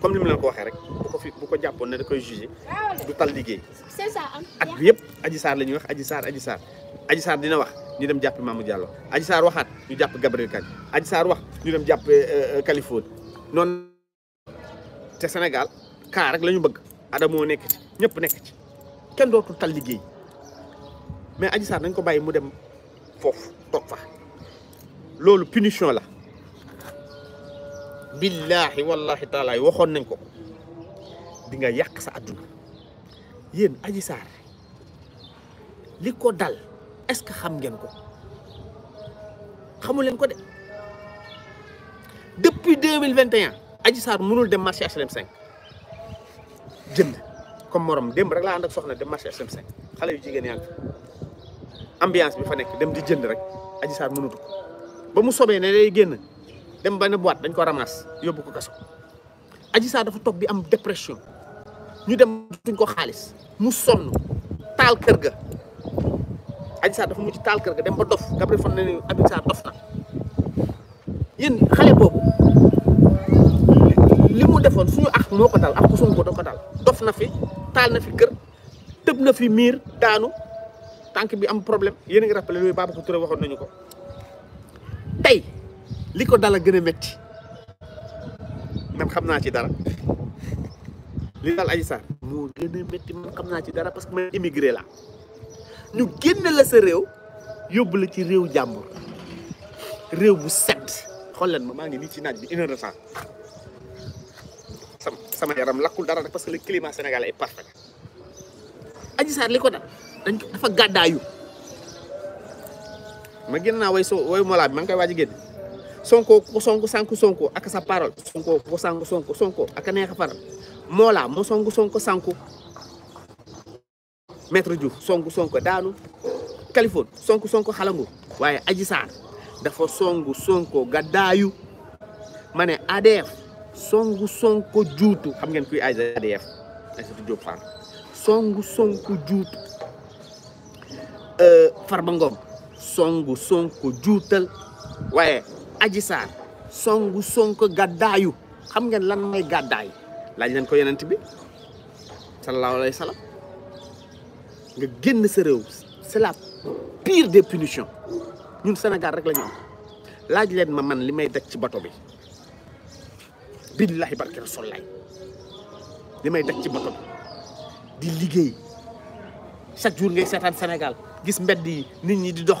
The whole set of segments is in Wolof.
comme ni mu leen ko waxee rek bu ko fi bu ko jàppoon ne da koy jugé du tal liggéey. at bi yëpp Adji Sarr la ñuy wax aji saar Adji Sarr Adji Sarr dina wax ñu dem jàpp Mamour Diallo Adji saar waxaat ñu jàpp Gabriel Kane Adji saar wax ñu dem jàpp euh, euh, Kaliphone te Sénégal kaa rek la ñu bëgg Adamo nekk ci ñëpp nekk ci kenn dootul tal liggéey mais Adji Sarr nañ ko bàyyi mu dem foofu toog fa loolu punition la. billaahi wallaahi taalaay waxoon nañ ko di nga yàq sa àdduna yéen aji saar li ko dal est-ce que xam ngeen ko xamu leen ko de depuis deux mille vingt et un aji saar mënul dem marché HLM 5 jënd comme morom dem rek laa ànd ak soxna dem marché HLM 5 xale yu jigéen yaa ngi ambiance bi fa nekk dem di jënd rek aji saar mënutu ko ba mu sobee ne day génn. dem benn boîte dañ koo ramas yóbbu ko kaso Adji Sarr dafa toog bi am dépression ñu dem duñ ko xaalis mu sonn taal kër ga Adji Sarr dafa mujj taal kër ga dem ba dof Gabriel Fane ne ni Adji dof na yéen xale boobu li mu defoon suñu ak moo ko daal ak ku suñu ko doon dof na fi taal na fi kër tëb na fi miir daanu tànk bi am problème yéen a ngi rappelé yooyu Babacar Touré waxoon nañu ko tey Liko dala gëna metti gën a man xam ci dara li dal aji sar mo gëna metti man xamna ci dara parce que man immigré la ñu génne la sa réew yóbbu la ci réew jambour réew bu set xol leen ma ngi ni ci naaj bi une heure de temps sama yaram lakul dara parce que le climat sénégalais est parfait aji sar liko dal dañ dafa gàddaayu ma génn naa way so way molaa bi ma ngi koy waaj sonko ko sonko sanku sonko ak sa parole sonko ko sanku sonko sonko ak neex far mola mo sonko sonko sanku maître diouf sonko sonko danu kalifon sonko sonko xalangu waye aji saar dafa sonko sonko gadayu mané adf songu sonko djoutu xam ngeen kuy adf aysatu diop fan songu sonko djoutu euh, farba ngom songu sonko juutal aji sar songu sonko gàddaayu xam ngeen lan mooy gaday laaj leen ko yenente bi sallallahu alayhi wasallam. nga genn sa rew c'est la pire des punitions ñun Sénégal rek lañu ñu am laaj leen ma man limay may ci bato bi billahi limay ci bato di liggey chaque jour ngay sétane Sénégal gis mbedd yi nit ñi di dox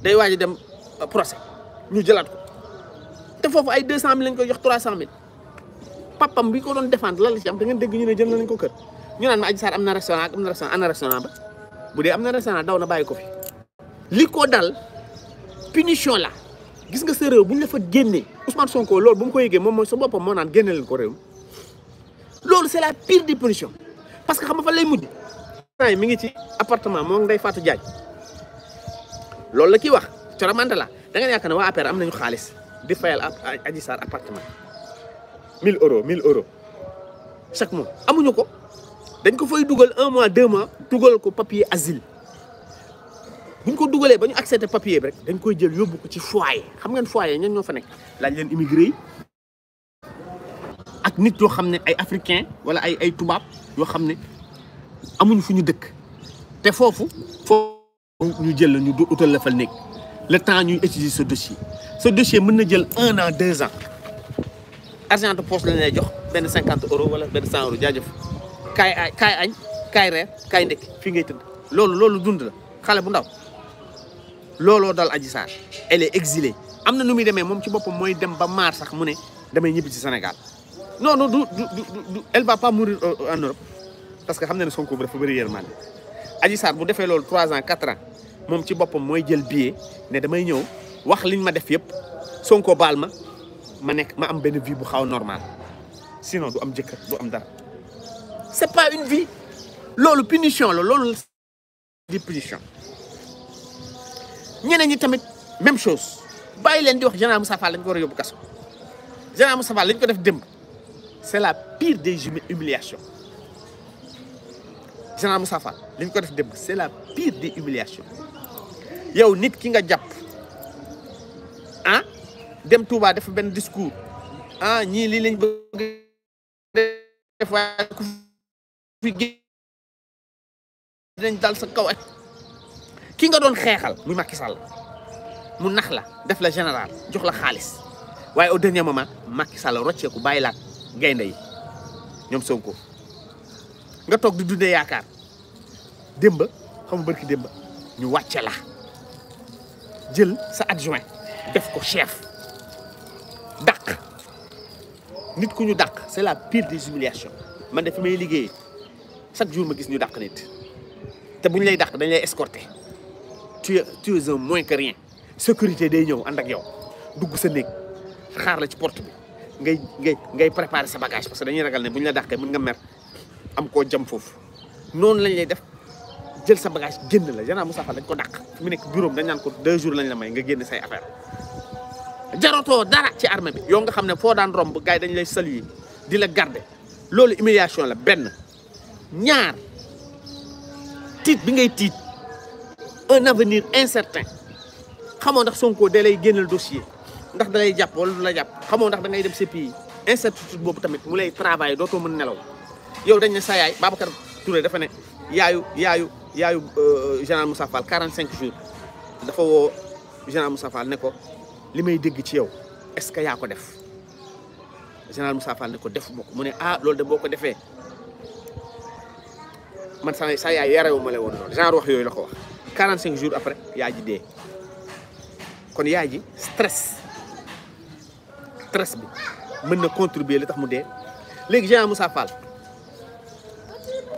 day waaj dem euh, procès ñu jëlaat ko te foofu ay 200000 lañ koy jox 300000 papam bi ko doon défendre lan la ci am da ngeen dégg ñu ne jël nañ ko kër ñu naan ma Adji Sarr am na restaurant am na restaurant ana restaurant ba bu dee am na restaurant daw na bàyyi ko fi. li ko dal punition la gis nga sa réew bu ñu la fa génnee Ousmane Sonko loolu bu mu ko yëgee moom mooy sa boppam moo naan génne leen ko réew loolu c'est la pire des punitions parce que xam nga fa lay mujj. mi ngi ci appartement moom Ndeye Fatou Diagne. loolu la kiy wax Coro Mandela da nga yaakaar ne waa APR am nañu xaalis di fayal Adji Sarr appartement 1000 euros mille euros chaque mois amuñu ko dañ ko fay dugal un mois deux mois dugal ko papier asile buñ ko dugalee ba ñu accepté papier rek dañ koy jël yóbbu ko ci foyer xam ngeen foyer ñan ñoo fa nekk laaj leen immigré ak nit yoo xam ne ay africain wala ay ay tubaab yoo xam ne amuñu fu ñu dëkk te foofu foofu Nous jël le temps nous étudier ce dossier ce dossier peut un an deux ans argent de poste, la lay 50 euros wala euros C'est un un ngay elle est exilée y a un muy ci à dem ba au Sénégal non non du du elle va pas mourir euh, en Europe parce que xam na ne 50 Adji vous bu fait 3 ans 4 ans je ci boppam le jël billet avez damay ñëw wax vous ma def yëpp Sonko vous ma je ma vie bu normal sinon du am du am dara c'est pas une vie une punition c'est une punition fait la même chose je leen di wax général Moussa Fall lañ ko war a c'est la pire des humiliations général c'est la pire des humiliations yow nit ki nga ah dem Touba def ben discours ah, def ku fi dal sa ki nga Macky mu la def la général jox la au dernier moment Macky Sall nga tok di dundee yakar demba xam barki demba ñu waccé la jël sa adjoint def ko chef Dak. nit ku ñu dàq c'est la pire des humiliations man def may liggéey chaque jour ma gis ñu dàq nit té buñ lay dàq dañ lay escorter tu es tu es un moins que rien sécurité day ñëw ànd ak yow dugg sa néeg xaar la ci porte bi ngay ngay ngay préparer sa bagage parce que dañuy ragal ne buñ la dakké mën nga mer am koo jam foofu noonu lañ lay def jël sa bagage génn la Général Moussa Fall dañ ko dàq mu nekk bureau dañ naan ko deux lañ la may nga génn say affaire jarotoo dara ci armée bi yow nga xam ne foo daan romb gars yi dañ lay saluer di la garder loolu humiliation la benn ñaar tiit bi ngay tiit un avenir incertain xamoo ndax Sonko da lay génnal dossier ndax da lay jàpp wala du la jàpp xamoo ndax da ngay dem sa pays incertitude boobu tamit mu lay travail dootoo mën nelaw yow dañ ne sa yaay Babacar Touré dafa ne yaayu yaayu yaayu euh, général Moussa Fall 45 jours dafa woo général Moussa Fall ko li may dégg ci yow est-ce que yaa ko def général Moussa Fall ne ko def ma ko mu ne ah loolu de boo ko defee man sa sa yaay yarewu ma la woon genre wax yooyu la ko wax cinq jours après yaay ji dee kon yaay ji stress stress bi mën na contribuer li mu dee léegi général Moussa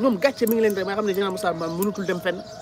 ñoom gàcce mi ngi leen di may xam ne général Moussa Mame mënutul dem fenn